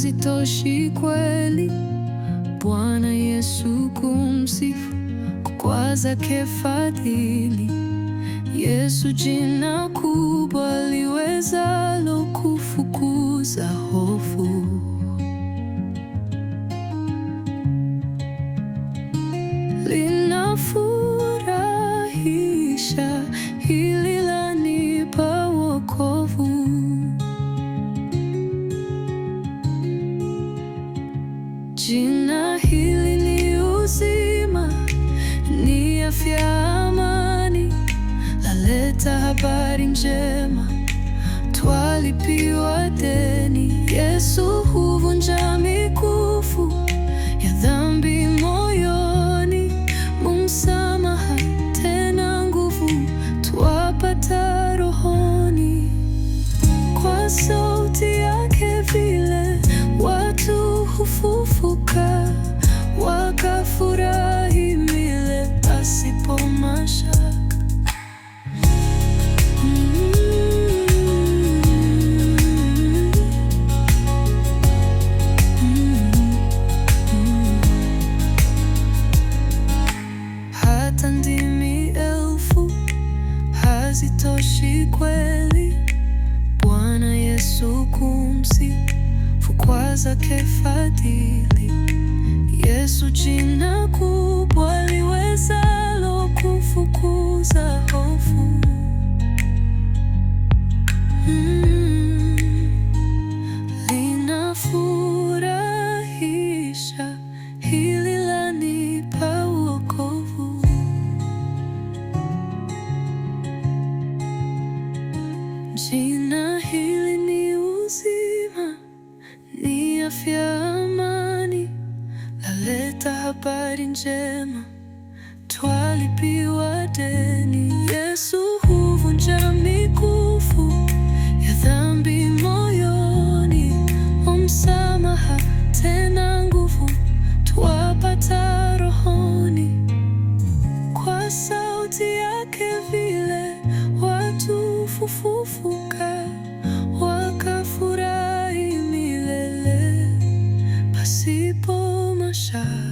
hazitoshi kweli. Bwana Yesu kumsifu, kwake fadhili. Yesu jina kubwa liwezalo kufukuza hofu. Linafuu Jina hili ni uzima, ni afya, amani, laleta habari njema, twalipiwa deni. Yesu huvunja mikufu ya dhambi moyoni, mumsamaha tena nguvu twapata rohoni kwa hata ndimi elfu hazitoshi kweli. Bwana Yesu kumsifu kwa zake fadhili Yesu Jina hili ni uzima, ni afya, amani, laleta habari njema, twalipiwa deni. Yesu huvunja mikufu ya dhambi moyoni, umsamaha tena nguvu twapata walipofufuka wakafurahi milele pasipo mashaka.